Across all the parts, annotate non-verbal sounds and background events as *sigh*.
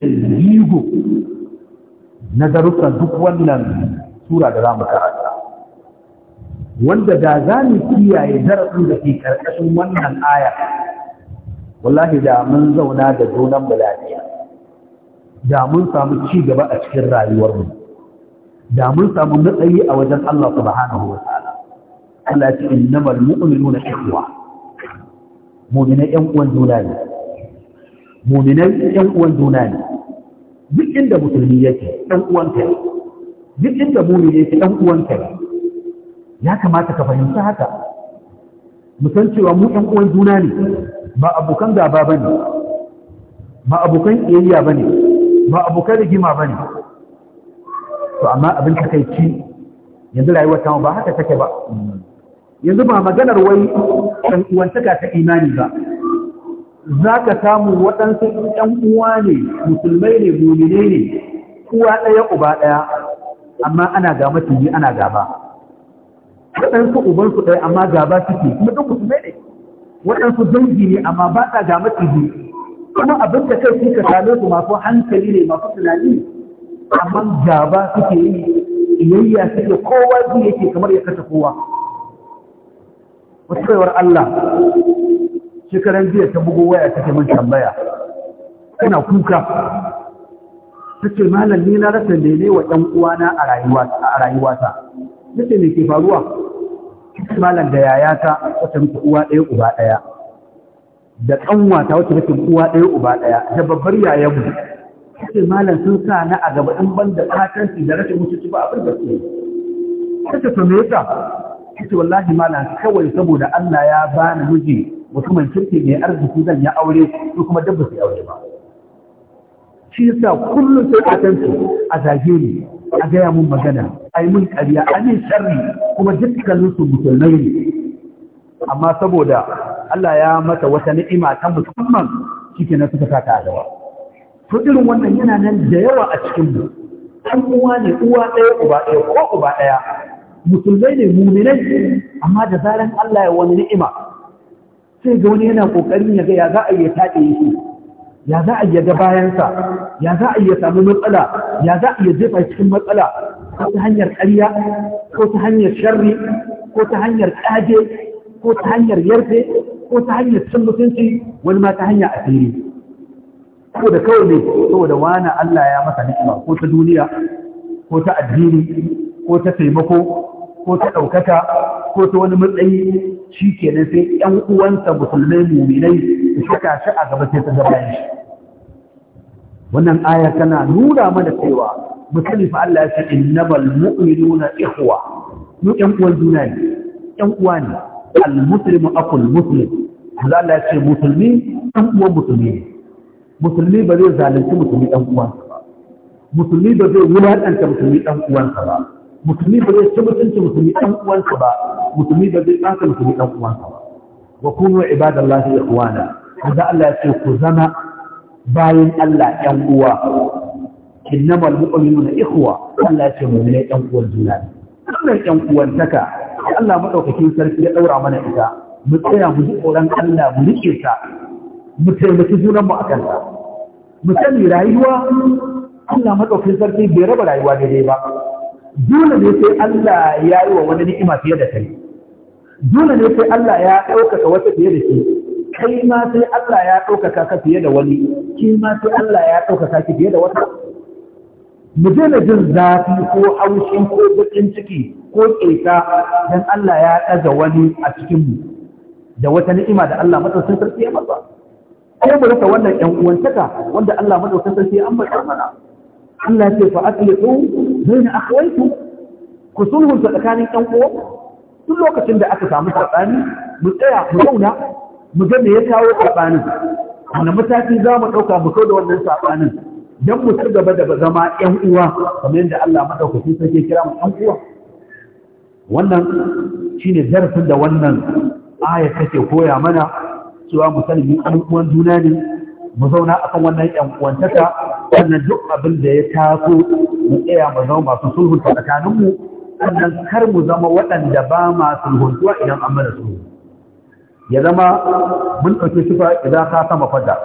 zigo na darussan duk wannan tura da za mu karanta wanda da za mu kiyaye darasin da ke karkashin wannan aya wallahi da mun zauna da junan mu da mun samu ci gaba a cikin rayuwarmu da mun samu matsayi a wajen Allah subhanahu wa ta'ala Allah ce innamal mu'minuna ikhwa mu'minai yan uwan juna ne mu'minai yan uwan juna ne duk inda musulmi yake dan uwan ne duk inda muni yake dan uwan ne ya kamata ka fahimci haka mu san cewa mu ɗan uwan juna ne ba abokan gaba bane ba abokan iyayya bane ba abokan rigima bane to amma abin takaici yanzu rayuwar ta ba haka take ba yanzu ba maganar wai ɗan uwan ta imani ba za ka samu waɗansu ɗan uwa ne musulmai ne gomine ne uwa ɗaya uba ɗaya amma ana ga tuni ana gaba waɗansu ubansu ɗaya amma gaba suke kuma ɗan musulmai ne waɗansu dangi ne amma ba ta gama tuni kuma abin da kai suka same su masu hankali ne masu tunani amma gaba suke yi iyayya suke kowa zai yake kamar ya kasa kowa wasu Allah shekaran jiya ta bugo waya ta min tambaya ina kuka ta ce malam ni na rasa mene wa ɗan uwana a rayuwata ta ce me ke faruwa malam da yayata wata muke uwa ɗaya uba ɗaya da ta wata muke uwa ɗaya uba ɗaya da babbar yayanmu ta ce malam sun sa na a gaba in ban da katanci da rashin mutunci ba abin da su ta ce to me yasa ta ce wallahi malam kawai saboda Allah ya bani miji mutumin kirki mai arziki zan ya aure su kuma dabba su aure ba shi sa kullum sai a su a zage ni a gaya mun magana a yi mun ƙarya a ne sharri kuma dukkanin su musulmai ne amma saboda Allah ya mata wata ni'ima ta musamman shike na suka sa ta a to irin wannan yana nan da yawa a cikin mu an uwa ne uwa ɗaya uba ɗaya ko uba ɗaya musulmai ne muminai amma da zaran Allah ya wani ni'ima sai ga wani yana kokarin ya ga ya za a yi taɗe shi ya za a yi ga bayansa ya za a yi samu matsala ya za a yi jefa cikin matsala ko ta hanyar ƙarya ko ta hanyar sharri ko ta hanyar ƙage ko ta hanyar yarfe ko ta hanyar cin mutunci wani ma ta hanya asiri ko da kawai ne saboda wani Allah ya masa ni'ima ko ta duniya ko ta addini ko ta taimako ko ta ɗaukaka ko ta wani matsayi shi kenan sai ‘yan uwansa musulmai muminai su saka shi a gaba sai ta gaba shi. Wannan aya tana nuna mana cewa mutane fa Allah ya ce innamal mu'minuna ikhwa mu ‘yan uwan juna ne ‘yan uwa ne al-muslimu akul muslim Allah ya ce musulmi ɗan uwan musulmi ne musulmi ba zai zalunci musulmi ɗan uwansa ba musulmi ba zai wulaƙanta musulmi ɗan uwansa ba mutumi ba zai ci mutunci musulmi ɗan uwansa ba musulmi ba zai ɗansa musulmi ɗan uwansa ba wa kunu ibadallahi ikhwana kaza Allah ya ce ku zama bayan Allah ɗan uwa innamal mu'minuna ikhwa Allah ya ce mu'minai ɗan uwan juna wannan ɗan uwantaka Allah madaukakin sarki ya daura mana ita mu tsaya mu ji tsoron Allah mu rike ta mu taimaki mu a kanta mu sani rayuwa Allah madaukakin sarki bai raba rayuwa daidai ba dole ne sai Allah ya yi wa wani ni'ima fiye da kai dole ne sai Allah ya ɗaukaka wata fiye da ke kai ma sai Allah ya ɗaukaka ka fiye da wani ki ma sai Allah ya ɗaukaka ki fiye da wata mu daina jin zafi ko haushi ko bakin ciki ko ƙeta don Allah ya ɗaga wani a cikin mu da wata ni'ima da Allah madaukakin sarki ya masa ai mu rasa wannan ƴan uwantaka wanda Allah madaukakin sarki ya ambata mana Allah ya ce fa aslihu zai akwaitu ku sulhunta tsakanin ɗan uwa Tun lokacin da aka samu saɓani mu tsaya mu zauna mu ga me ya kawo saɓanin wani mataki za mu ɗauka mu kau da wannan saɓanin don mu ci gaba da zama ƴan uwa kamar yadda Allah madaukakin sarki kira mu ƴan uwa wannan shine darasin da wannan aya take koya mana cewa mu an uwan juna ne mu zauna akan wannan ƴan uwantaka wannan duk abin da ya taso mu tsaya mu zama masu sulhunta tsakaninmu sannan kar mu zama waɗanda ba ma sulhuntuwa idan an mana sulhu ya zama mun ɗauki sifa idan ka sama fada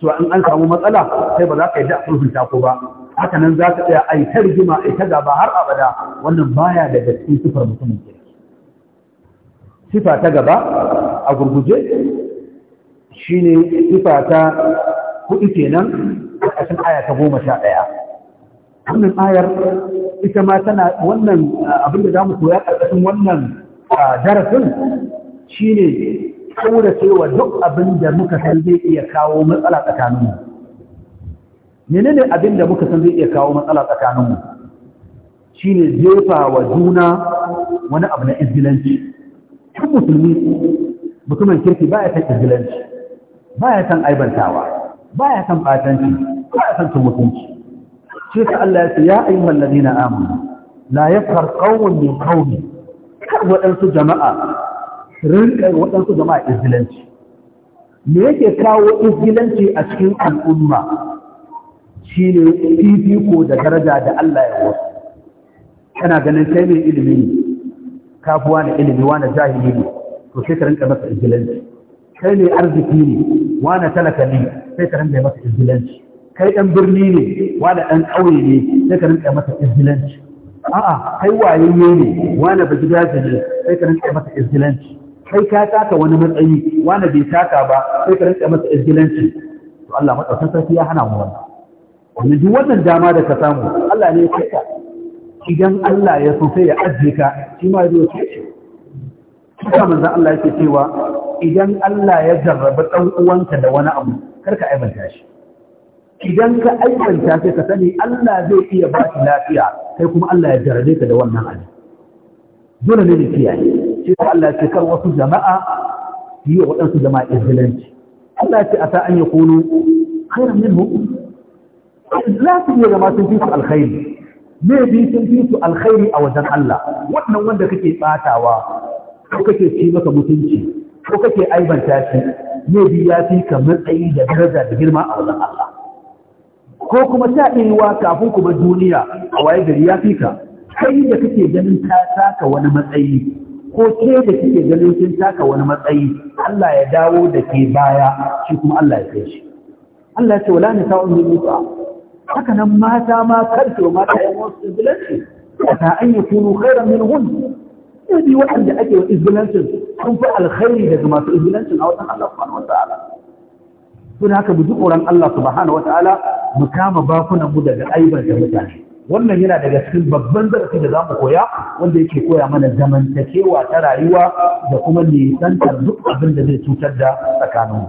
to in an samu matsala sai ba za ka yi da sulhunta ko ba haka nan za ka tsaya ai ta rigima ai ta gaba har abada wannan baya da gaske sifar mutumin ke sifa ta gaba a gurguje shine sifa ta kuɗi kenan a cikin aya ta goma sha ɗaya wannan ayar ita ma tana wannan ah, abin da zamu koya ƙarƙashin wannan ah, darasin ne saboda cewa duk abinda muka san zai iya kawo matsala tsakaninmu menene abin muka san zai iya kawo matsala tsakaninmu shine jefa wa juna wani abu na izgilanci duk musulmi mutumin kirki ya san izgilanci baya san aibantawa baya san batanci baya san mutunci shi ka Allah ya ce ya ayyuhal ladina amanu la yafhar qawmun min qawmi kar waɗansu jama'a rinka waɗansu jama'a izgilanci me yake kawo izgilanci a cikin al'umma shine fifiko da daraja da Allah ya wasu kana ganin kai mai ilimi ne kafuwa na ilimi wa na jahili ne to sai ka rinka masa izgilanci kai mai arziki ne wa na talaka ne sai ka rinka masa izgilanci kai ɗan birni ne wani ɗan ƙauye ne sai ka rinka masa izgilanci a'a kai wayayye ne wani ba gida ne sai ka rinka masa izgilanci kai ka taka wani matsayi wani bai taka ba sai ka rinka masa izgilanci to Allah madaukakin sarki ya hana mu wannan wani duk wannan dama da ka samu Allah ne ya kai ka idan Allah ya so sai ya ajiye ka shi ma zai ce kuma manzon Allah yake cewa idan Allah ya jarraba dan uwanka da wani abu karka aibanta shi idan ka aikanta sai ka sani Allah zai iya ba ki lafiya Sai kuma Allah ya jarabe ka da wannan abin dole ne ne kiyaye sai ko Allah ce kar wasu jama'a yi wa waɗansu jama'a izgilanci Allah ce a sa an ya kunu, khairan minhu za su iya zama sun fi su alkhairi me bi sun fi su alkhairi a wajen Allah wannan wanda kake tsatawa ko kake ci maka mutunci ko kake aibanta shi me bi ya fi ka matsayi da daraja da girma a wajen Allah ko kuma ta kafin ku bar duniya a waye gari ya fi ka kai da kake ganin ta taka wani matsayi ko ke da kike ganin kin taka wani matsayi Allah ya dawo da ke baya shi kuma Allah ya kai shi Allah ya ce wala ni sa'un min nisa haka nan mata ma karto mata yan wasu izbilanci ta an yi kunu khairan min hun sai waɗanda ake wa izbilancin sun fi alkhairi daga masu izbilancin a wajen Allah subhanahu wa ta'ala haka bi tsoron Allah subhanahu wa ta'ala mu kama bakunan mu daga aibar da mutane wannan yana daga cikin babban zarafi da za mu koya wanda yake koya mana zamantakewa ta rayuwa da kuma nisantar duk abin da zai cutar da tsakaninmu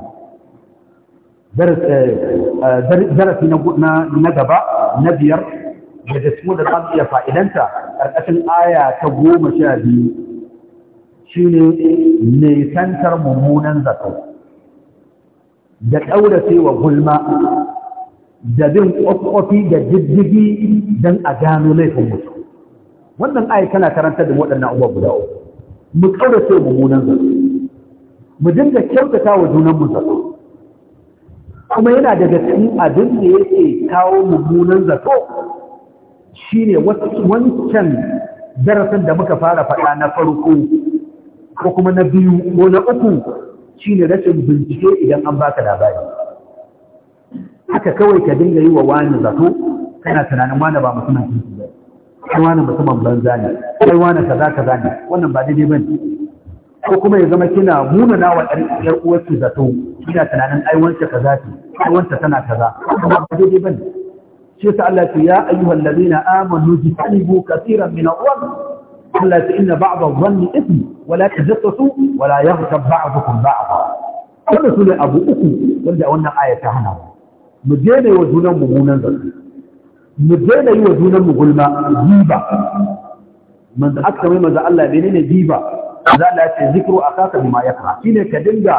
zarafi eh, eh, na gaba na biyar da cikin da za mu iya fa'idanta ƙarƙashin aya ta goma sha biyu shi ne nisantar mummunan zato da ƙaurace wa gulma da bin kwakwafi da diddigi don a gano laifin mutum wannan ayi tana karantar da waɗannan abubuwa guda uku mu ƙaurace mummunan zato mu dinga kyautata wa junanmu zato kuma yana daga cikin abin da yake kawo mummunan zato shine wancan darasin da muka fara faɗa na farko ko kuma na biyu ko na uku shine rashin bincike idan an baka labari haka kawai ka dinga yi wa wani zato kana tunanin wani ba mutumin kirki ba kai wani mutumin banza ne kai wani kaza kaza ne wannan ba daidai ba ne. ko kuma ya zama kina munana wa ɗan ƴar uwarki zato kina tunanin ai wanta kaza ce ai wanta tana kaza amma ba daidai bane shi yasa Allah ce ya ayyuhal ladina amanu jitanibu kaseeran min al-ard Allah ce inna ba'd adh-dhanni ithm wa la tajassasu wa la yaghtab ba'dukum ba'da wannan sune abu uku wanda wannan aya ta hana mu mu daina yi wa junan mu munan zato mu daina yi wa junan mu gulma giba manzo aka mai manzo Allah bai ne giba manzo Allah ya ce zikru akaka bima yakra shine ka dinga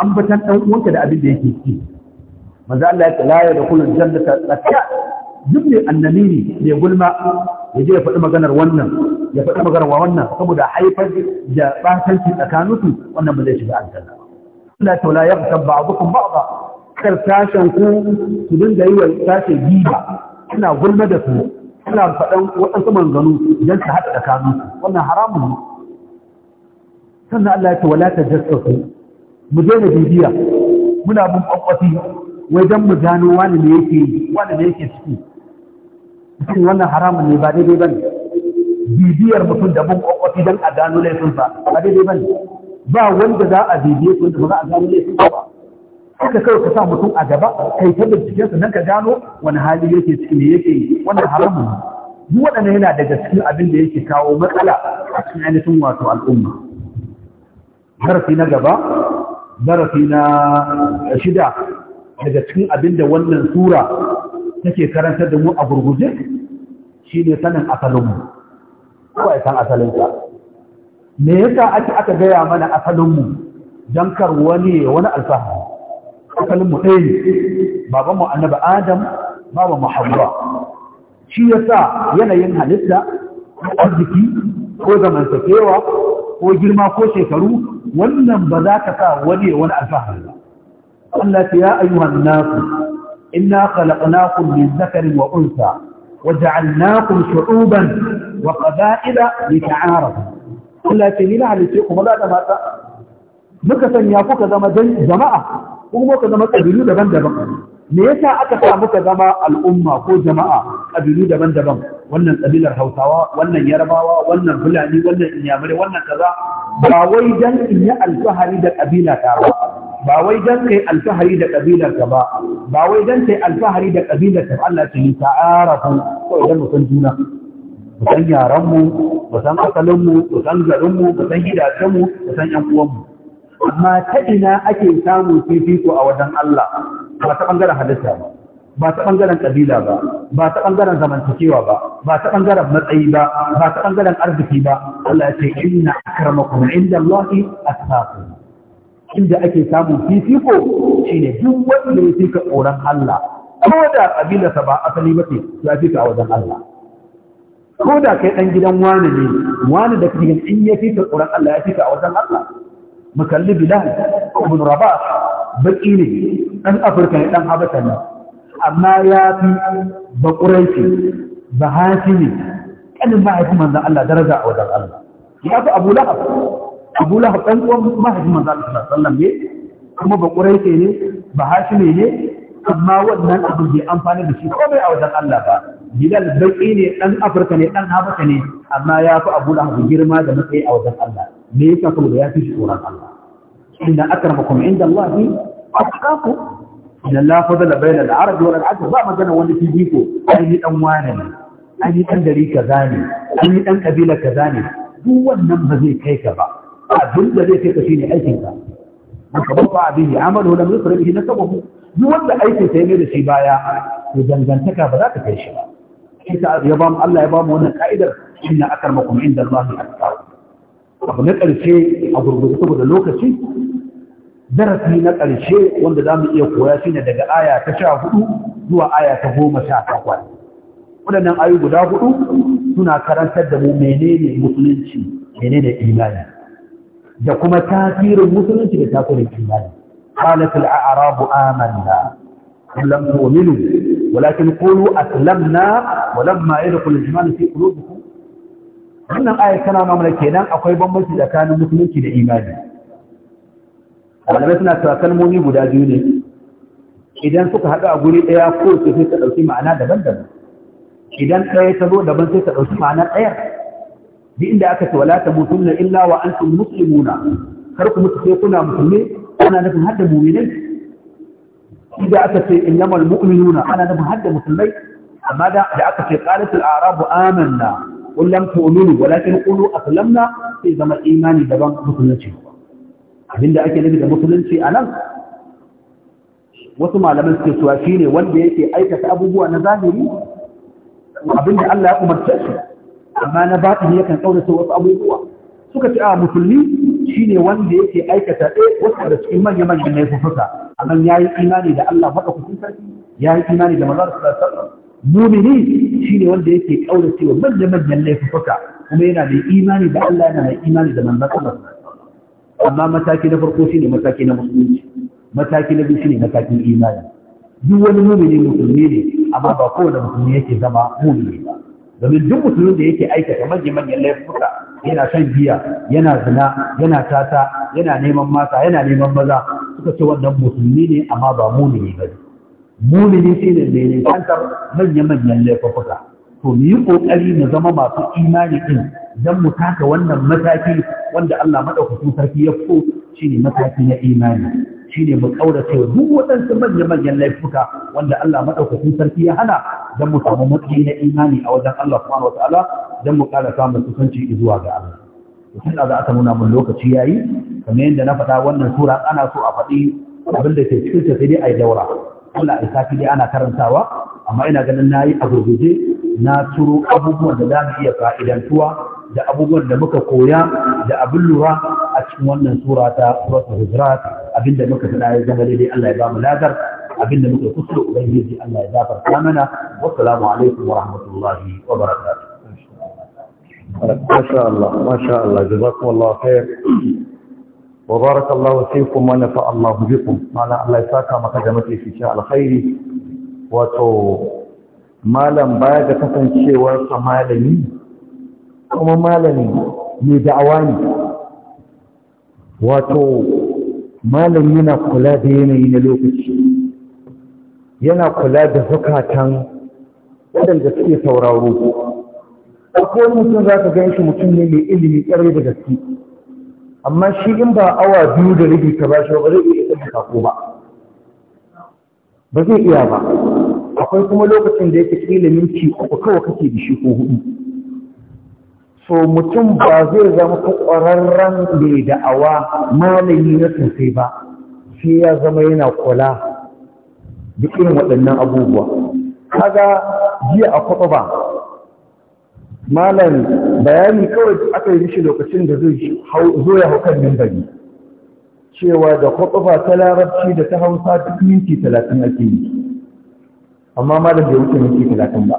ambatan dan uwanka da abin da yake ci manzo Allah ya ce la yadkhulul jannata tsaka duk ne annamini ne gulma ya je ya faɗi maganar wannan ya faɗi maganar wa wannan saboda haifar da ɓatanci tsakaninsu wannan ba zai shiga aljanna Allah ya ce la yaghtab ba'dukum ba'dha kar tashin ku ku dinga yi wa tashin giba suna gulma da su suna faɗan waɗansu manzanu idan ta haɗa tsakanin wannan haramun ne sannan Allah ya ce wala ta jassasu mu daina bibiya muna bin kwakwafi wai don mu gano wani ne yake wani ne yake ciki cikin wannan haramun ne ba daidai ba ne bibiyar mutum da bin kwakwafi don a gano laifinsa ba daidai ba ne ba wanda za a bibiye su wanda ba za a gano laifinsa ba haka kawai ka sa mutum a gaba kai ta binciken sa nan ka gano wani hali yake ciki ne yake wannan haramun duk waɗannan yana daga cikin abin da yake kawo matsala a cikin ainihin wato al'umma darasi na gaba darasi na shida daga cikin abin da wannan sura take karantar da mu a gurguje shine sanin asalinmu kawai san ka. me yasa ake aka gaya mana asalinmu don kar wani wani alfahari asalin mu ɗaya ne baban mu annabi adam baban mu hawa shi yasa yanayin halitta ko arziki ko zamantakewa ko girma ko shekaru wannan ba za ka sa wani wani alfahari ba Allah ya ayyuhan nasu inna khalaqnakum min dhakarin wa unsa waja'alnakum shu'uban wa qaba'ila lita'arafu Allah ya ce ni na halice kuma da mata muka sanya kuka zama jama'a kuma ka zama ƙabilu daban-daban me yasa aka sa muka zama al'umma ko jama'a ƙabilu daban-daban wannan ƙabilar hausawa wannan yarbawa wannan fulani wannan inyamurai wannan kaza ba wai dan in yi alfahari da ƙabila ta ba ba wai dan kai alfahari da ƙabilar ka ba ba wai dan kai alfahari da ƙabilar ka Allah ce ni ta'arafu ko idan mu san juna mu san yaranmu, mu san asalinmu, mu san garin mu san gidajen mu san yan uwanmu. amma ta ina ake samun fifiko a wajen Allah ba ta bangaren halitta ba ba ta bangaren kabila ba ba ta bangaren zamantakewa ba ba ta bangaren matsayi ba ba ta bangaren arziki ba Allah ya ce inna akramakum inda Allah atqakum inda ake samun fifiko shine duk wanda ya fika tsoron Allah ko da kabilarsa ba asali ba ce ya fika a wajen Allah ko da kai dan gidan wani ne wani da kike in ya fika tsoron Allah ya fika a wajen Allah mu kalli bilal ibn rabah baki ne dan afirka ne dan habata ne amma ya fi bakuraici bahati ne kanin mahaifin manzan Allah daraja a wajen Allah ya fi abu lahab abu lahab dan uwan mahaifin manzan Allah sallallahu alaihi wasallam ne kuma bakuraici ne bahati ne ne amma wannan abu bai amfani da shi komai a wajen Allah ba bilal baki ne dan afirka ne dan habata ne amma ya fi abu lahab girma da matsayi a wajen Allah me yasa saboda ya fi shi tsoron Allah inna akramakum inda Allah ni atqaku inna la fadala bayna al-arab wal al-ajam ba magana wanda fi biko ai ni dan wane ne ai ni dan gari kaza ne ai ni dan kabila kaza ne duk wannan ba zai kai ka ba abin da zai kai ka shine aikin ka man kabata bihi amalu lam yusra bihi nasabahu duk wanda aikin sai ya da shi baya to dangantaka ba za ta kai shi ba sai ya ba Allah ya ba mu wannan ka'idar inna akramakum inda Allah fi atqaku abu na ƙarshe a gurgurta saboda lokaci darasi na ƙarshe wanda za mu iya koya shi ne daga aya ta sha hudu zuwa aya ta goma sha takwas waɗannan ayu guda hudu suna karantar da mu menene musulunci menene imani da kuma tasirin musulunci da tasirin imani qalat al a'rabu amanna lam tu'minu walakin qulu na walamma yadkhul al-iman fi wannan ayat tana mamala kenan akwai bambanci tsakanin musulunci da imani malamai suna cewa kalmomi guda biyu ne idan suka haɗu a guri ɗaya ko su sai ta ɗauki ma'ana daban-daban idan ɗaya ta zo daban sai ta ɗauki ma'ana ɗaya duk inda aka ce wala tamutunna illa wa antum muslimuna kar ku mutu sai kuna musulmi ana nufin hadda mu'minai idan aka ce innamal mu'minuna ana nufin hadda musulmai amma da aka ce qalatul a'rabu amanna qul lam tu'minu walakin a aslamna zai zama imani daban musulunci abinda ake nufi da musulunci anan wasu malaman suke cewa shine wanda yake aikata abubuwa na zahiri abinda Allah ya umarce shi amma na batini yakan kaurace wasu abubuwa suka ce a musulmi shine wanda yake aikata ɗaya wasu da cikin manya manyan laifuka amma yayi imani da Allah madaukakin sarki yayi imani da manzon sallallahu alaihi mumini shine wanda yake kaurace wa manyan manyan laifuka kuma yana da imani da Allah yana da imani da manzon Allah amma mataki na farko shine mataki na musulunci mataki na biyu shine matakin imani duk wani mumini musulmi ne amma ba kowane musulmi yake zama mumini ba domin duk musulmin da yake aikata manyan manyan laifuka yana shan giya yana zina yana tata yana neman mata yana neman maza suka ce wannan musulmi ne amma ba mumini ba ne mumini shi ne mai nisantar manya-manyan laifuka to mu yi ƙoƙari mu zama masu imani ɗin don mu taka wannan mataki wanda Allah maɗaukakin sarki ya fito shi ne mataki na imani shi ne mu ƙaurace duk waɗansu manya-manyan laifuka wanda Allah maɗaukakin sarki ya hana don mu samu matsayi na imani a wajen Allah subhanahu wataala don mu ƙara samun kusanci zuwa ga Allah. Mutum da a nuna mun lokaci ya yi, kamar yadda na faɗa wannan sura ana so a faɗi abin da ke cikin ta sai dai a yi daura. kula a safi dai ana karantawa amma ina ganin na yi a gurguje na turo abubuwan da za mu iya fa'idantuwa da abubuwan da muka koya da abin lura a cikin wannan surata, ta suratul abin abinda muka tana ya zama daidai Allah ya ba mu ladar da muka kusur ubangiji Allah ya ta mana wassalamu alaikum wa rahmatullahi wa barakatuh masha Allah masha Allah jazakumullahu khair wa sai fikum wa nafa Allahu bikum mana Allah ya saka maka da mace shi alkhairi wato malam baya da kasancewar sa kuma malami ne da'awa ne wato malami yana kula da yanayi na lokaci yana kula da zukatan waɗanda suke sauraro akwai mutum za ganshi mutum ne mai ilimi ƙarfi da gaske amma shi in ba awa biyu da rabi ka bashi ba zai iya tsaya kaku ba ba zai iya ba akwai kuma lokacin da yake kila minti uku kawai kake da shi ko hudu so mutum ba zai zama kwararren mai da'awa malami na sosai ba sai ya zama yana kula da irin waɗannan abubuwa kaga jiya a kwaɓa ba malam bayani kawai aka yi mishi lokacin da zai zo ya haukan mimbari cewa da kwakwafa ta larabci da ta hausa duk minti talatin ake yi amma malam bai wuce minti talatin ba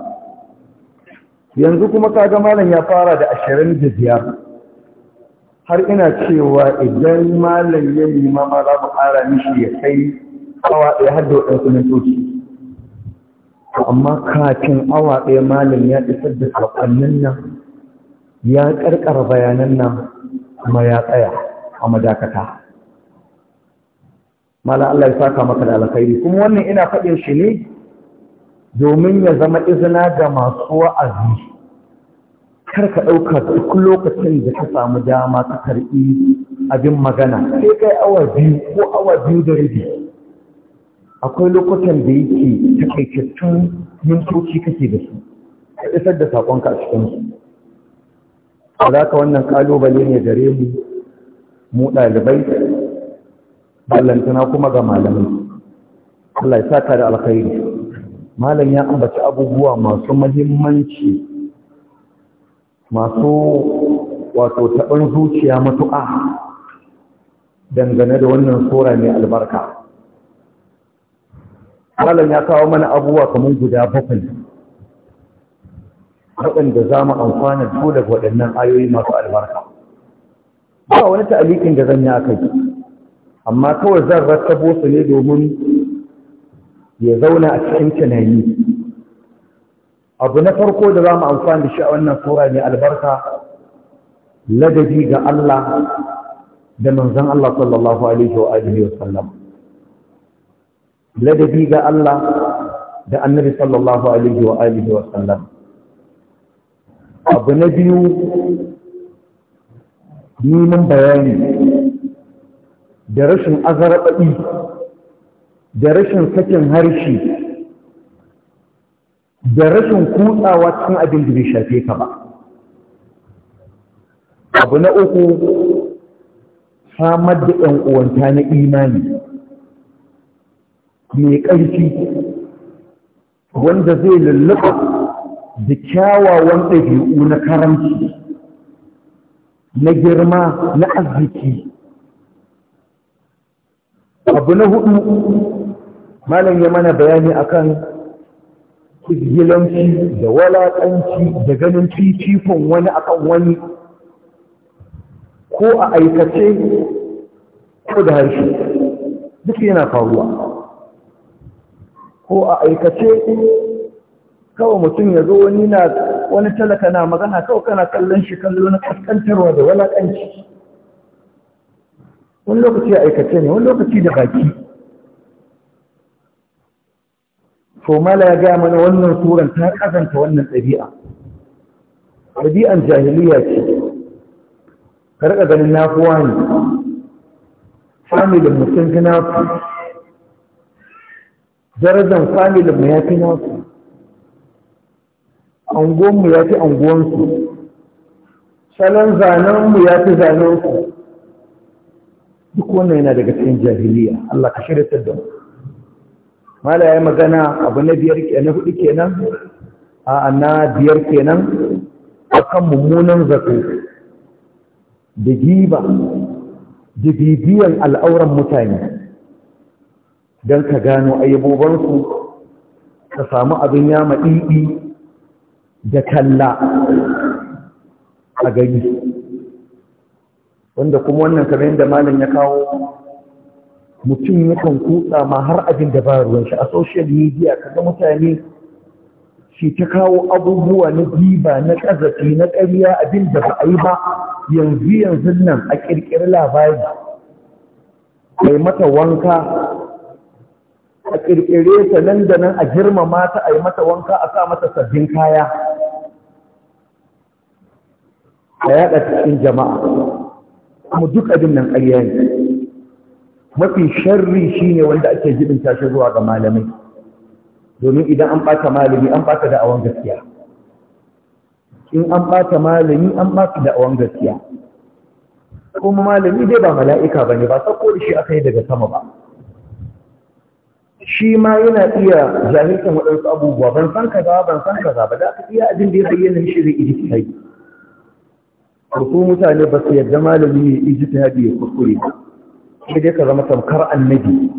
yanzu kuma kaga malam ya fara da ashirin da biyar har ina cewa idan malam ya nima ma za mishi ya kai kawa ɗaya har da waɗansu mintoci amma kafin awa ɗaya malam ya isar da saƙonnin nan ya ƙarƙara bayanan nan kuma ya tsaya a madakata Mala Allah ya saka maka da alkhairi kuma wannan ina faɗin shi ne domin ya zama izina ga masu wa'azi kar ka ɗauka duk lokacin da ka samu dama ka karɓi abin magana sai kai awa biyu ko awa biyu da rubi akwai lokutan da yake takaitattun mintoci kake da su ka isar da saƙonka a cikinsu a za ka wannan ƙalubale ne gare mu mu ɗalibai ballantana kuma ga malamai Allah ya saka da alkhairi malam ya ambaci abubuwa masu mahimmanci masu wato taɓin zuciya matu'a. dangane da wannan tsora mai albarka malam ya kawo mana abubuwa kamar guda bakwai waɗanda za mu amfana da waɗannan ayoyi masu albarka ba wani ta'alikin da zan yi akai amma kawai zan rattabo su ne domin ya zauna a cikin tunani abu na farko da za mu amfana da shi a wannan sura ne albarka ladabi ga Allah da manzon Allah sallallahu alaihi wa alihi wa sallam ladabi ga Allah da annabi sallallahu alaihi wa alihi wa sallam abu na biyu neman bayani da rashin azarbaɗi da rashin sakin harshe da rashin kutsawa cikin abin da bai shafe ka ba abu na uku samar da ‘yan uwanta na imani mai ƙarfi wanda zai lullufa da kyawawan ɗabi'u na karamci na girma na arziki abu na hudu malam ya mana bayani akan izgilanci da walaƙanci da ganin titifin wani akan wani ko a aikace ko da harshe duk yana faruwa ko a aikace kawai mutum ya zo wani na wani talaka na magana kawai kana kallon shi kallo na kaskantarwa da walakanci wani lokaci a aikace ne wani lokaci da baki to mala ya gaya mana wannan turan ta kazanta wannan ɗabi'a ɗabi'an jahiliya ce ka rika ganin nafuwa ne familin mutum fi nafu darajar familin mu ya fi nasu anguwanmu ya fi anguwansu salon zanenmu ya fi zanensu duk wannan yana daga cikin jahiliya Allah ka shirya da mu mala ya magana abu na biyar kenan hudu kenan a na biyar kenan akan mummunan zato da giba da bibiyan al'auran mutane don ka gano ayyabobansu ka samu abin yama ɗiɗi da kalla a gani wanda kuma wannan kamar yadda malam ya kawo mutum yakan kutsa ma har abin da ba ruwan shi a social media kaga mutane shi ta kawo abubuwa na ziba na ƙazafi na ƙarya abin da ba a yi ba yanzu yanzu nan a ƙirƙiri labari mai mata wanka a ƙirƙire ta nan da nan a girmama ta a yi mata wanka a sa mata sabbin kaya a yaɗa cikin jama'a kuma duk abin nan ƙarya ne mafi sharri shi ne wanda ake jibin tashi zuwa ga malamai domin idan an ɓata malami an ɓata awon gaskiya in an ɓata malami an ɓata awon gaskiya kuma malami dai ba mala'ika ba ne ba sako da shi aka yi daga sama ba shi ma yana iya jahilcin waɗansu abubuwa ban san kaza ban san kaza ba da aka iya abin da ya bayyana shi zai iji ta yi wasu mutane ba su yadda malami ya iji ta hadi ya kuskure sai dai ka zama tamkar annabi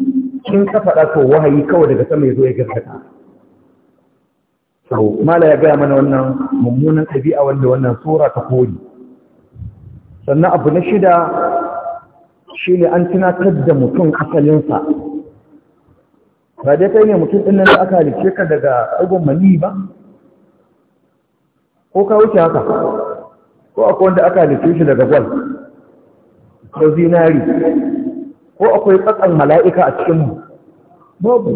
kin ka faɗa ko wahayi kawai daga sama ya zo ya gaskata to mala ya gaya mana wannan mummunan ɗabi'a wanda wannan sura ta kori sannan abu na shida shine an tunatar da mutum asalinsa ba dai kai ne mutum ɗin nan da aka halice ka daga ɗagon mani ba ko ka wuce haka ko akwai wanda aka halice shi daga gwal ko zinari ko akwai tsatsan mala'ika a cikinmu babu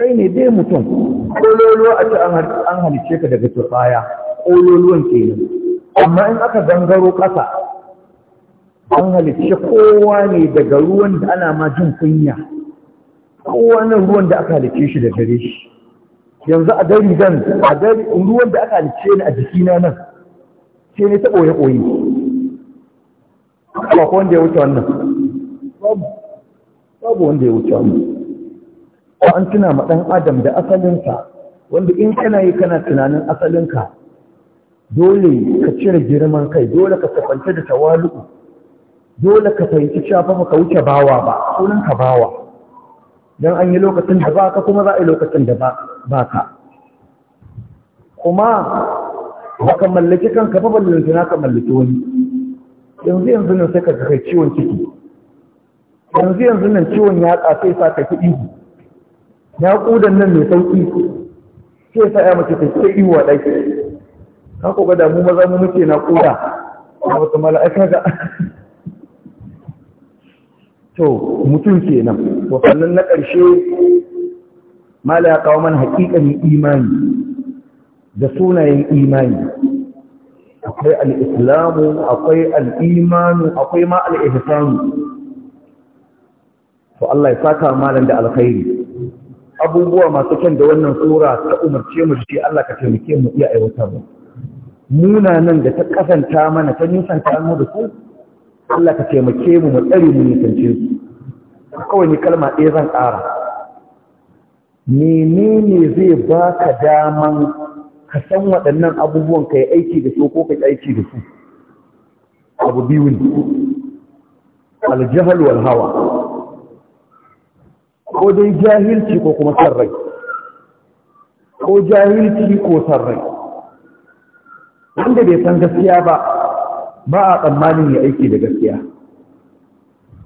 kai ne dai mutum ƙololuwa a ce an halice ka daga tufaya ƙololuwan ne amma in aka gangaro ƙasa an halice kowa ne daga ruwan da ana ma jin kunya kowanin ruwan da aka halice shi da gare shi yanzu a dari zan a dari ruwan da aka halice ni a jikina nan sai ne ta ɓoye ɓoye ba ko wanda ya wuce wannan babu wanda ya wuce wannan ko an tuna ma ɗan adam da asalinsa wanda in kana yi kana tunanin asalinka dole ka cire girman kai dole ka tafanta da tawalu'u dole ka fahimci shafafa ka wuce bawa ba sunan ka bawa don an yi lokacin da ba ka kuma za a yi lokacin da ba ka kuma ba ka mallaki kanka ba ballantana ka mallaki wani yanzu yanzu nan sai ka kai ciwon ciki yanzu yanzu nan ciwon ya sai sa ka kuɗi ya ƙudan nan mai sauƙi sai sa ya mace ta ce iwa ɗaki ka ko ga damu maza mu muke na ƙuda a wata mala'aika ga to mutum kenan wasannin na ƙarshe mala ya kawo mana haƙiƙanin imani da sunayen imani akwai al'islamu akwai al'imanu akwai ma al'ihsanu to Allah ya saka malam da alkhairi abubuwa masu kyan da wannan tsora ta umarce mu shi Allah ka taimake mu iya aiwatar mu munanan da ta kasanta mana ta nisanta mu da su Allah ka taimake mu mu tsare mu nisance su kawai ni kalma ɗaya zan ƙara menene zai baka daman ka san waɗannan abubuwan ka yi aiki da su ko ka yi aiki da su abu biyu ne aljahal wal hawa ko dai jahilci ko kuma sarrai ko jahilci ko sarrai wanda bai san gaskiya ba ba a tsammanin ya aiki da gaskiya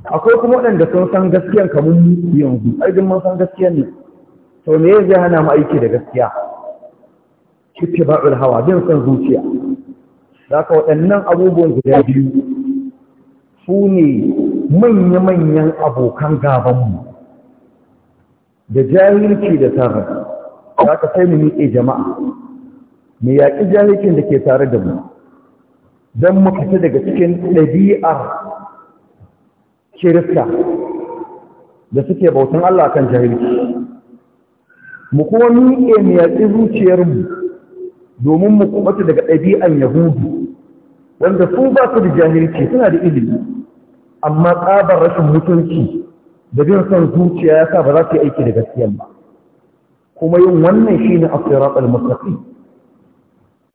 akwai kuma waɗanda sun san gaskiyan kamun mu yanzu ai mun san gaskiyan ne to me ya hana mu aiki da gaskiya ittiba'ul hawa bin san zuciya ka waɗannan abubuwan guda biyu su ne manya-manyan abokan gabanmu da jahilci da za ka sai mu miƙe jama'a mai yaƙi jahilcin da ke tare da mu don mu fita daga cikin ɗabi'ar kirista da suke bautan Allah kan jahilci mu kuma miƙe mu yaƙi zuciyarmu domin mu kubata daga ɗabi'an yahudu wanda su ba su da jahilci suna da ilimi amma tsabar rashin mutunci da bin son zuciya ya sa ba za su yi aiki da gaskiya ba kuma yin wannan shine asirat al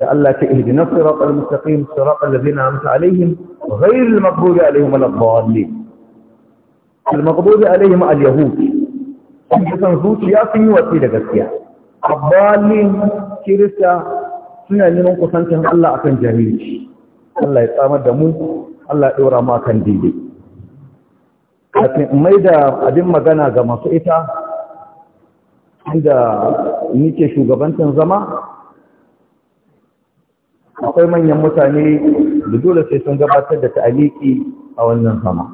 Allah ta ihdina siratal mustaqim siratal ladzina an'amta alaihim ghayril maghdubi alaihim waladdallin al maghdubi alaihim al yahud san zuciya sun yi wasi da gaskiya abbalin kirista suna neman kusancin Allah akan jahilci Allah ya tsamar da mu Allah ya dora mu akan daidai kafin mai da abin magana ga masu ita inda nike shugabantan zama akwai manyan mutane da dole sai sun gabatar da ta'aliki a wannan sama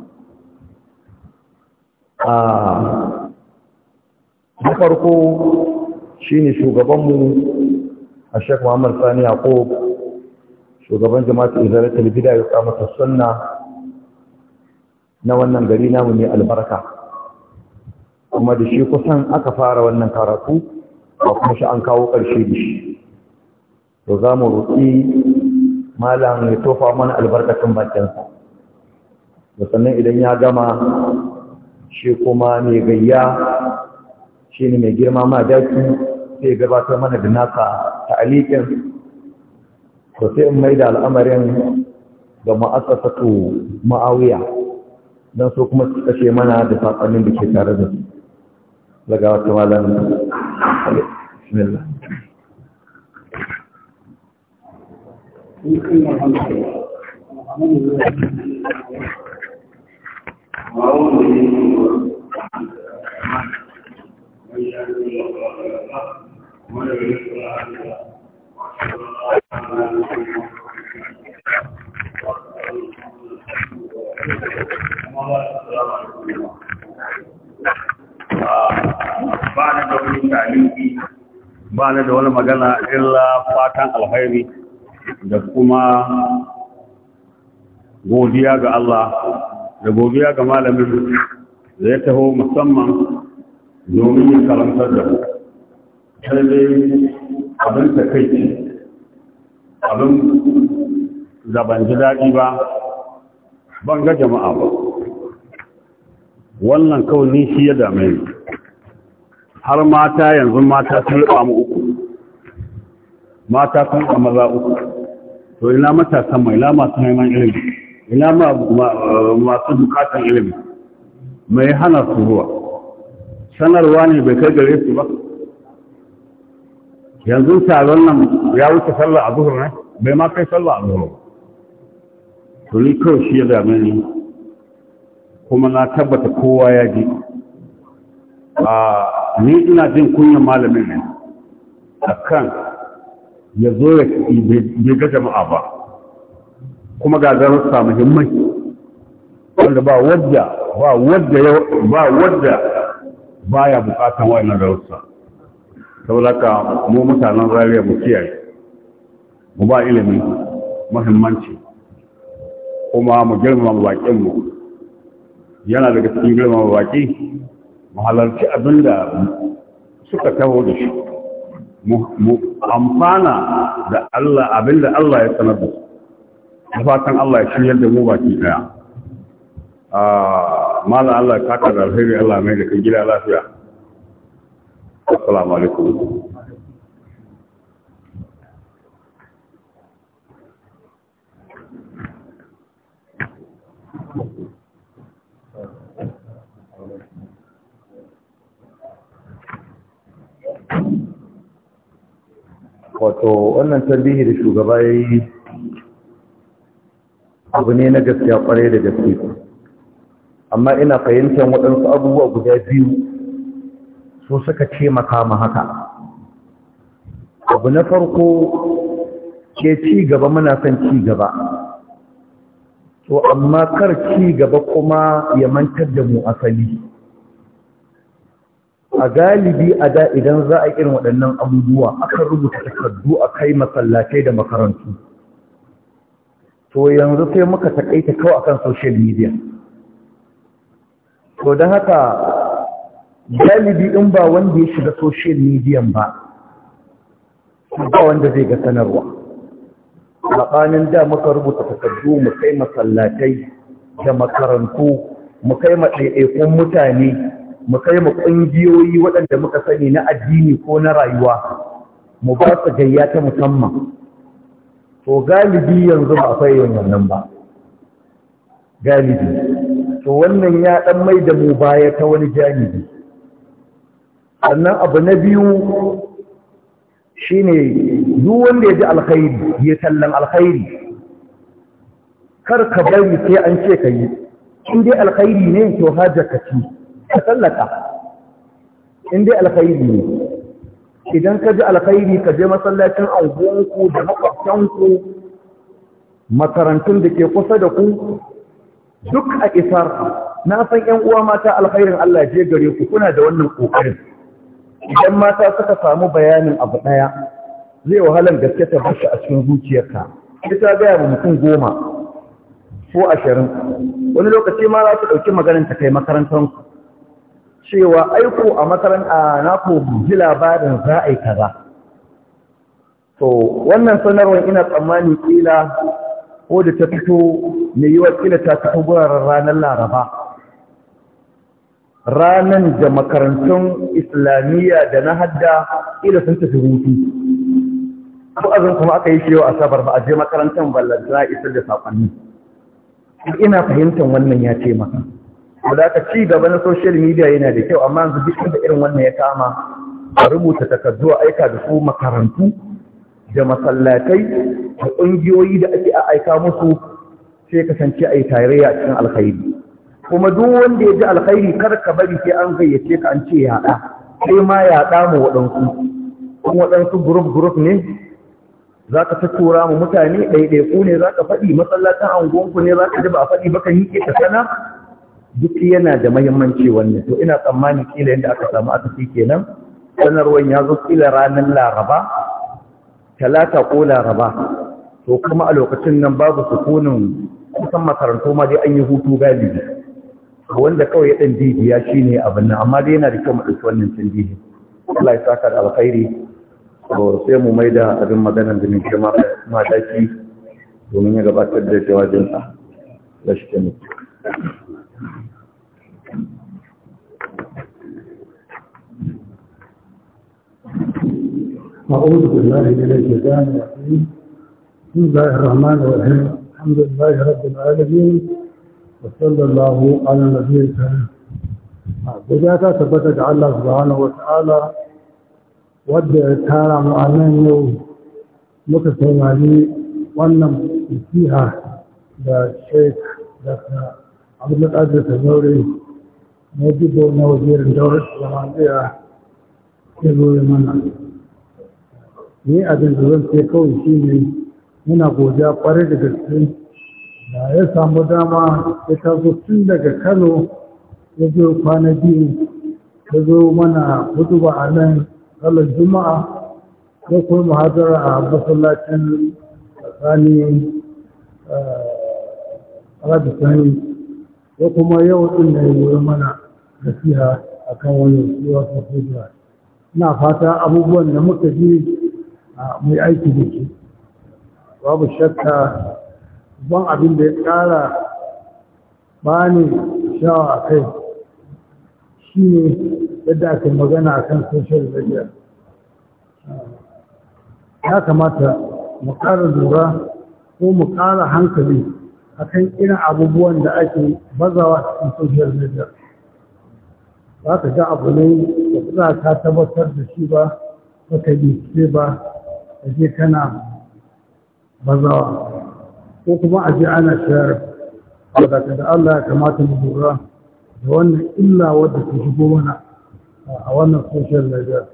ah, na farko shine shugabanmu a Sheikh muhammad sani yaqub shugaban jama'atul izalatul bid'a ya kama ta sunna na wannan gari namu ne albarka kuma da shi kusan aka fara wannan karatu ba kuma shi an kawo ƙarshe da shi to za mu roƙi malam ya tofa mana albarkacin bakinsa da sannan idan ya gama shi kuma mai gayya shi ne mai girma ma daki sai gabatar mana da nasa alikin to sai mai da al'amarin ga ma'asasatu ma'awiya don so kuma su kashe mana da saƙonin da ke tare da su daga wata malam bismillah ba da wani magana illa fatan alhairi da kuma godiya ga Allah da godiya ga malamin da ya taho musamman domin ya karantar da sai dai abin ta kai abin da ban ji daɗi ba ban ga jama'a ba wannan kawai ni shi ya dame ni har mata yanzu mata sun rama uku mata sun maza uku to ina matasan mai Ina masu neman ilimi ina masu bukatan ilimi mai hana su ruwa sanarwa ne bai kai gare su ba yanzu taron nan ya wuce sallah a zuhur ne bai ma kai sallah a zuhur to ni kawai shi ya dame ni kuma na tabbata kowa ya ji a ah, ni ina jin kunyan malamin ne akan ya zo ya bai ga jama'a ba kuma ga zarar muhimmai wanda ba wadda ba wadda ba wadda baya bukatan wannan rausa saboda ka mu mutanen rariya mu kiyaye mu ba ilimi muhimmanci kuma mu girmama baƙin mu yana daga cikin girmama baki mu halarci abinda suka taho da shi mu amfana da Allah abinda Allah ya sanar da su fatan Allah ya shiryar da mu baki daya a ah, mala Allah ya ka da alheri Allah mai da kan gida lafiya assalamu alaikum wato wannan tambihi da shugaba ya yi abu ne na gaskiya kwarai da gaske amma ina fahimtar waɗansu abubuwa guda biyu su suka ce ma haka abu na farko ke ci gaba muna son ci gaba to amma kar ci gaba kuma ya mantar da mu asali a galibi a da idan za a irin waɗannan abubuwa aka rubuta takardu a kai masallatai da makarantu to yanzu sai muka takaita kawai akan social media to don haka galibi in ba wanda ya shiga social media ba ba wanda zai ga sanarwa tsakanin da muka rubuta takardu mu kai masallatai da makarantu mu kai maɗaiɗaikun mutane mu kai mu ƙungiyoyi waɗanda muka sani na addini ko na rayuwa mu ba su gayya ta musamman to galibi yanzu ba akwai yin wannan ba galibi to wannan ya ɗan mai da mu baya ta wani janibi sannan abu na biyu shine duk wanda ya ji alkhairi ya tallan alkhairi kar ka bari sai an ce ka yi in dai alkhairi ne to hajar ka ci ka tsallaka in dai alkhairi ne idan ka ji alkhairi ka je masallacin anguwanku da makwabtanku makarantun da ke kusa da ku duk a isar na san ƴan uwa mata alkhairin Allah je gare ku kuna da wannan kokarin idan mata suka samu bayanin abu daya zai wahalan gaske ta bashi a cikin zuciyarka ta ga mu mutum goma ko ashirin wani lokaci ma za su ɗauki maganin ta kai makarantanku cewa aiko a makaranta na ko ji labarin za a yi kaza wannan sanarwar ina tsammani kila ko da ta fito mai yi wakila ta fito guraren ranar laraba ranar da makarantun islamiyya da na hadda ila sun tafi hutu ko azin kuma aka yi shewa a sabar ba a je makarantar ballantana isar da saƙonni ina fahimtar wannan ya ce maka da ka ci gaba na social media yana da kyau amma yanzu duk da irin wannan ya kama a rubuta takardu aika da su makarantu da masallatai da ƙungiyoyi da ake a aika musu sai kasance a yi tarayya cikin alkhairi kuma duk wanda ya ji alkhairi kar ka bari sai an gayyace ka an ce yaɗa sai ma yaɗa mu waɗansu kun waɗansu gurup gurup ne za ka ta tura mu mutane ɗaiɗaiku ne za ka faɗi masallatan angonku ne za ka ji ba a faɗi ba ka yi ke sana duk yana da mahimmanci wannan to ina tsammani kila yadda aka samu aka fi kenan sanarwar ya zo kila ranar laraba talata ko laraba to kuma a lokacin nan babu sukunin kusan makarantu ma dai an yi hutu galibi wanda kawai ya ɗan jijiya shi ne abin nan amma dai yana da kyau mu ɗauki wannan cin jihi Allah ya saka da alkhairi to sai mu mai da abin magana da muke ma daki domin ya gabatar da jawabinsa da shi ke mutu أعوذ بالله من الشيطان الرجيم بسم الله الرحمن الرحيم الحمد لله رب العالمين وصلى الله على النبي الكريم guda ta tabbata da Allah subhanahu wata'ala wadda ya tara mu a nan yau muka saurari wannan nasiha da sheik daga abdulkadir sanyaure na jibo na wajerin daular zamantiya ya zo ya mana ni abin da zan ce kawai shine. ne muna godiya kwarai da gaske da ya samu dama ya taso tun daga kano ya zo kwana biyu ta zo mana hutuba a nan tsallar juma'a ta kuma muhazara a masallacin tsakanin arabi sani eh, ya kuma yau ɗin da ya wuri mana nasiha a kan wannan suratul hijra ina fata abubuwan da muka ji mai mai aiki da shi babu shakka ban abin da ya ƙara bani shawa a kai shi ne yadda ake magana a kan social media ya kamata mu ƙara lura ko mu ƙara hankali akan irin abubuwan da ake bazawa cikin sojiyar media ba ka ga abu ne da kuna ka tabbatar da shi ba ba ka bincike ba ka je kana bazawa ko kuma a je ana shayar da da Allah ya kamata mu lura da wannan illa wadda ta shigo mana a wannan sojiyar media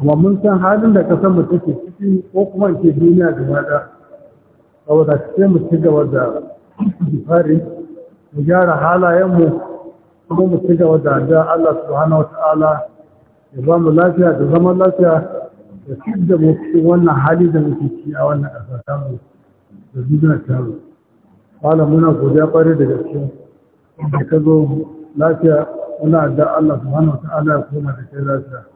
amma mun san halin da san mu ke ciki ko kuma ke duniya da ɗaya saboda sai mu ci gaba da jifari mu gyara halayenmu kuma mu ci gaba da da Allah subhanahu wa ta'ala ya ba mu lafiya da zaman lafiya da fit da mu wannan hali da muke ci a wannan ƙasa ta mu da duniya ta mu wala muna godiya ƙwarai da gaske da ka zo lafiya muna da Allah subhanahu wa ta'ala ya koma da kai lafiya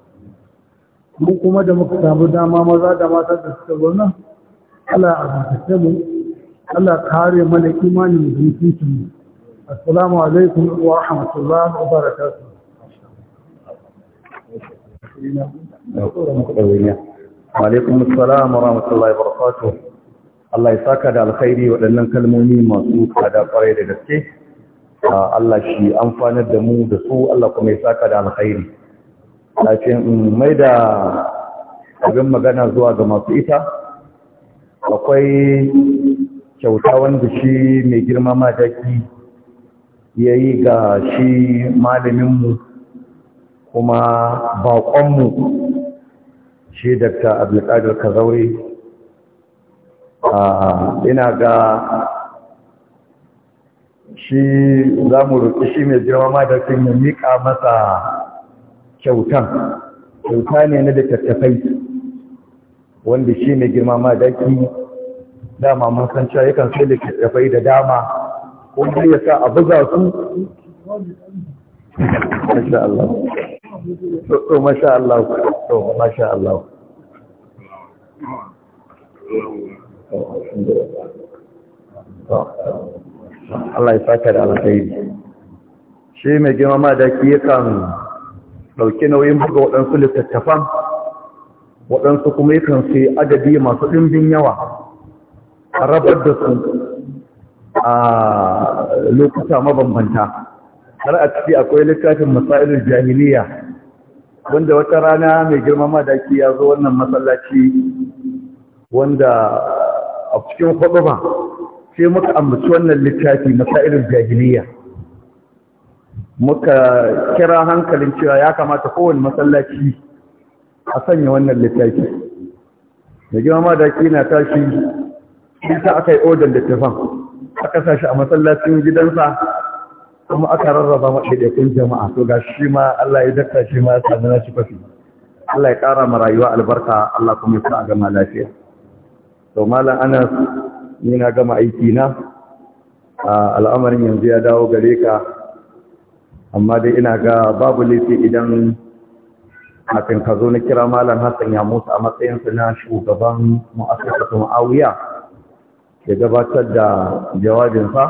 mu kuma da muka samu dama maza da mata da suka zo nan Allah azurtace mu Allah kare mana imanin da mutuncin mu assalamu alaikum wa rahmatullahi wa barakatuh Alaikun Musulam wa rahmatullahi wa barakatuh. Allah ya saka da alkhairi waɗannan kalmomi masu kada kwarai da gaske. Ah, Allah shi amfanar da mu da su Allah kuma ya saka da alkhairi. Lafin mai da abin magana zuwa ga masu ita, akwai kyauta wanda shi mai girma mataki ya yi ga shi malaminmu kuma bakonmu shi dakta abdulkadir kazaure ah, ina ga shi za mu roƙi shi mai girma matakin ya miƙa masa kyautan kyauta ne na da tattafai wanda shi mai girma ma daki dama mun san cewa yakan sai littattafai da dama ko dai ya sa a buga su masha Allah to masha Allah to masha Allah Allah ya saka da alheri shi mai girma ma daki yakan dauki nauyin buga waɗansu littattafan waɗansu kuma yakan sai adadi masu ɗimbin yawa a rabar da su a lokuta mabambanta har a ciki akwai littafin masailin jahiliya wanda wata rana mai girma madaki ya zo wannan masallaci wanda a cikin ba sai muka ambaci wannan littafi masailin jahiliya muka kira hankalin cewa ya kamata kowane masallaci a sanya wannan littafi da ma da ke na tashi ita aka yi odan littafan aka sashi a masallacin gidansa kuma aka rarraba maɗaiɗaikun jama'a to ga shi ma Allah ya dakta shi ma ya sami na shi fafi Allah ya ƙara ma rayuwa albarka Allah kuma ya sa a gama lafiya to malam anas ni na gama aiki na al'amarin yanzu ya dawo gare ka amma dai ina ga babu laifi idan kafin ka zo na kira malam hassan ya musu a matsayinsa na shugaban mu'asasatu ma'awuya ya gabatar da jawabinsa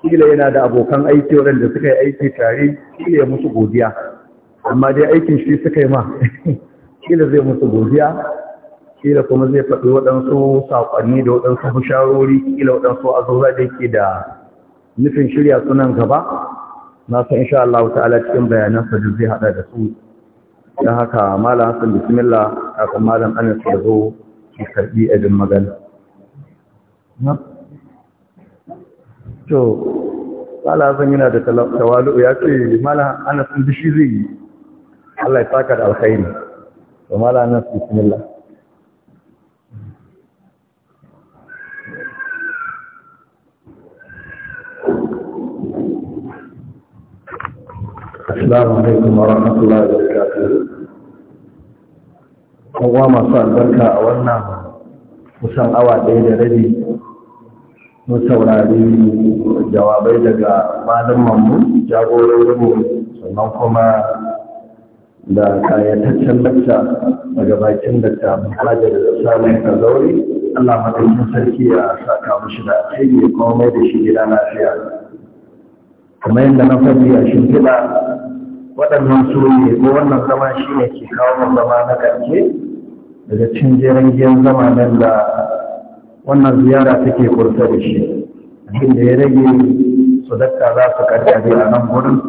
kila yana da abokan aiki waɗanda suka yi aiki tare kila ya musu godiya amma dai aikin shi suka yi ma *laughs* kila zai musu godiya kila kuma zai faɗi waɗansu saƙonni da waɗansu hushawori kila waɗansu azuza da yake da nufin shirya sunan gaba na san insha Allah ta'ala cikin bayanansa da zai haɗa da su don haka malam hassan bismillah a kan malam anas da zo shi karbi abin magana to malam hassan yana da tawalu ya ce malam anas shi zai yi Allah ya saka da alkhairi to malam anas bismillah alaikum wa rahmatullahi wa وبركاته kowa masu albarka a wannan kusan awa ɗaya da rabi mun saurari jawabai daga malaman malamanmu jagororinmu sannan kuma da kayataccen lakta daga bakin ta muhajar da samun kazauri allah madaukin sarki ya saka mushi da aiki ya kuma mai da shi gida lafiya kamar yadda na faɗi a shimfiɗa waɗannan su ne ko wannan zama shi ne ke kawo min zama na ƙarshe daga cin jeren giyan zama nan da wannan ziyara take kurta da shi abin da ya rage su dakta za su ƙarƙare a nan gurin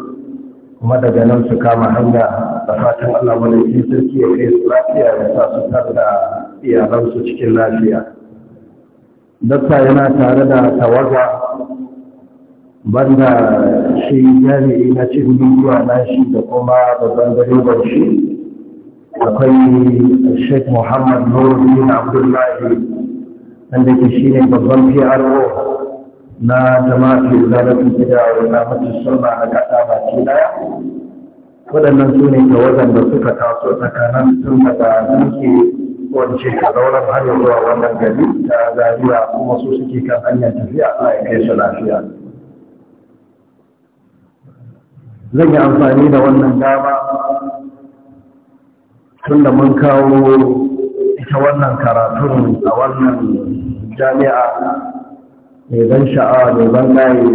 kuma daga nan su kama hanga da fatan Allah wani sarki ya kai su lafiya ya sa su tar da iyalansu cikin lafiya. Dakta yana tare da tawaga banda shi jami'i na cin bidiyo na shi da kuma babban garibar shi akwai sheikh muhammad nuruddin abdullahi wanda ke shi ne babban pro na jama'atu zalatin gida wa na mutu sunna na kasa baki daya waɗannan su ne ga waɗanda suka taso tsakanin sun da suke wance ka zaunar har zuwa wannan gari ta zariya kuma su suke kan hanyar tafiya a kai su lafiya zan yi amfani da wannan dama tunda mun kawo ita wannan karatun a wannan jami'a mai ban sha'awa mai ban gaye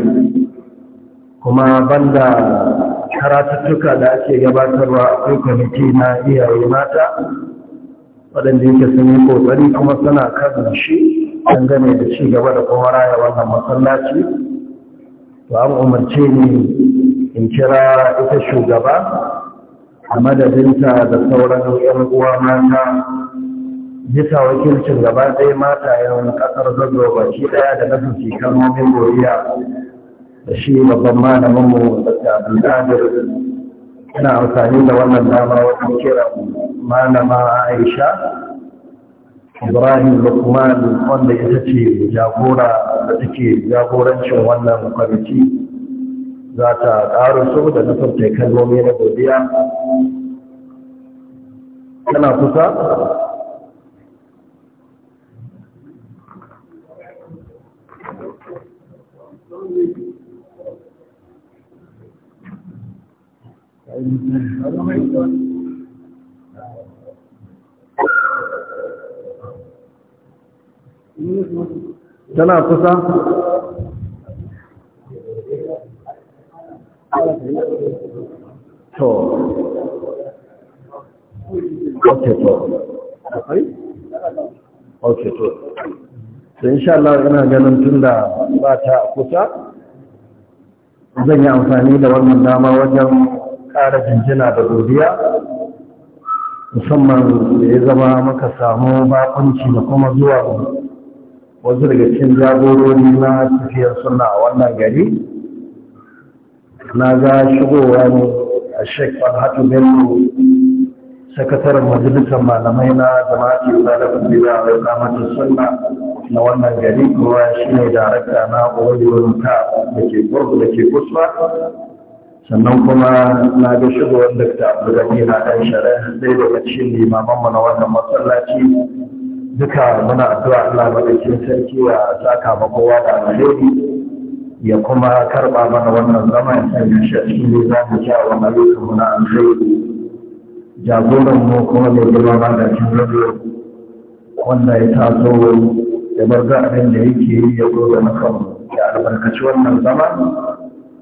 kuma banda karatuttuka da ake gabatarwa akwai kwamiti na iyaye mata waɗanda yake sun yi ƙoƙari kuma suna kan shi dangane da ci gaba da kuma raya wannan masallaci to an umarce ni in kira ita shugaba a madadinta da sauran yan uwa mata bisa wakilcin gaba ɗaya mata matayen ƙasar zango baki ɗaya da ƙasar shekarun goriya da shi babban malaminmu da abdulkadir ina amfani da wannan dama wajen kira malama aisha ibrahim lukman wanda ita ce jagora da take jagorancin wannan kwamiti za ta ƙaro su da nufin kalmomi na godiya tana kusa tana kusa to ok to to to insha Allah ina ganin tunda ba ta kusa zan yi amfani da wannan dama wajen ƙara jinjina da godiya musamman da ya zama maka samu bakunci da kuma zuwa wasu daga cikin jagorori na tafiyar suna a wannan gari na ga shigowa ne a sheik falhatu bello sakataren majalisar malamai na jama'ati zalafin bida a yau kamata sunna na wannan gari kuma shi ne darakta na ƙwarewar ta da ke kurku da ke kusa sannan kuma na ga shigowar da abdulgani na ɗan shari'a sai daga cikin limamanmu na wannan masallaci duka muna addu'a Allah madaukin sarki ya saka ma kowa da alheri ya kuma karɓa mana wannan zama ya sanya shi shi ne za mu kyawa ayyukan mu na alheri jagoran mu kuma mai girma ba da cin rabiyo wanda ya taso ya bar za a da yake yi ya zo na ya albarkaci wannan zama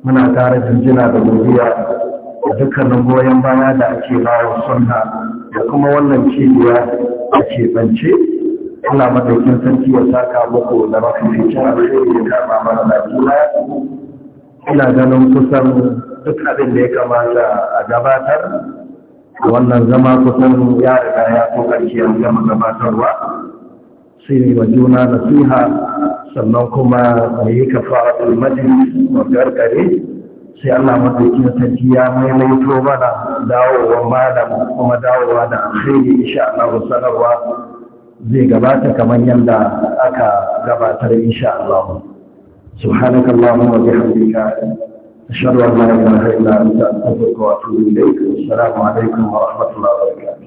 muna tare jinjina da godiya da dukkanin goyon baya da ake bawa sunna da kuma wannan cibiya a bance Allah madaukin sarki ya saka muku da mafificin alheri ya kama mana lafiya ina ganin kusan duk abin da ya kamata a gabatar wannan zama kusan ya riga ya so karshe an gama gabatarwa sai ne wa juna nasiha sannan kuma a yi kafaratul majlis wa gargare sai Allah madaukin sarki ya maimaito mana dawowa malam kuma dawowa da alheri insha Allah sanarwa zai gabata kamar yadda aka gabatar insha Allah subhanaka allahumma wa bihamdika ashhadu an la ilaha illa anta astaghfiruka wa atubu ilayk assalamu alaikum wa rahmatullahi wa barakatuh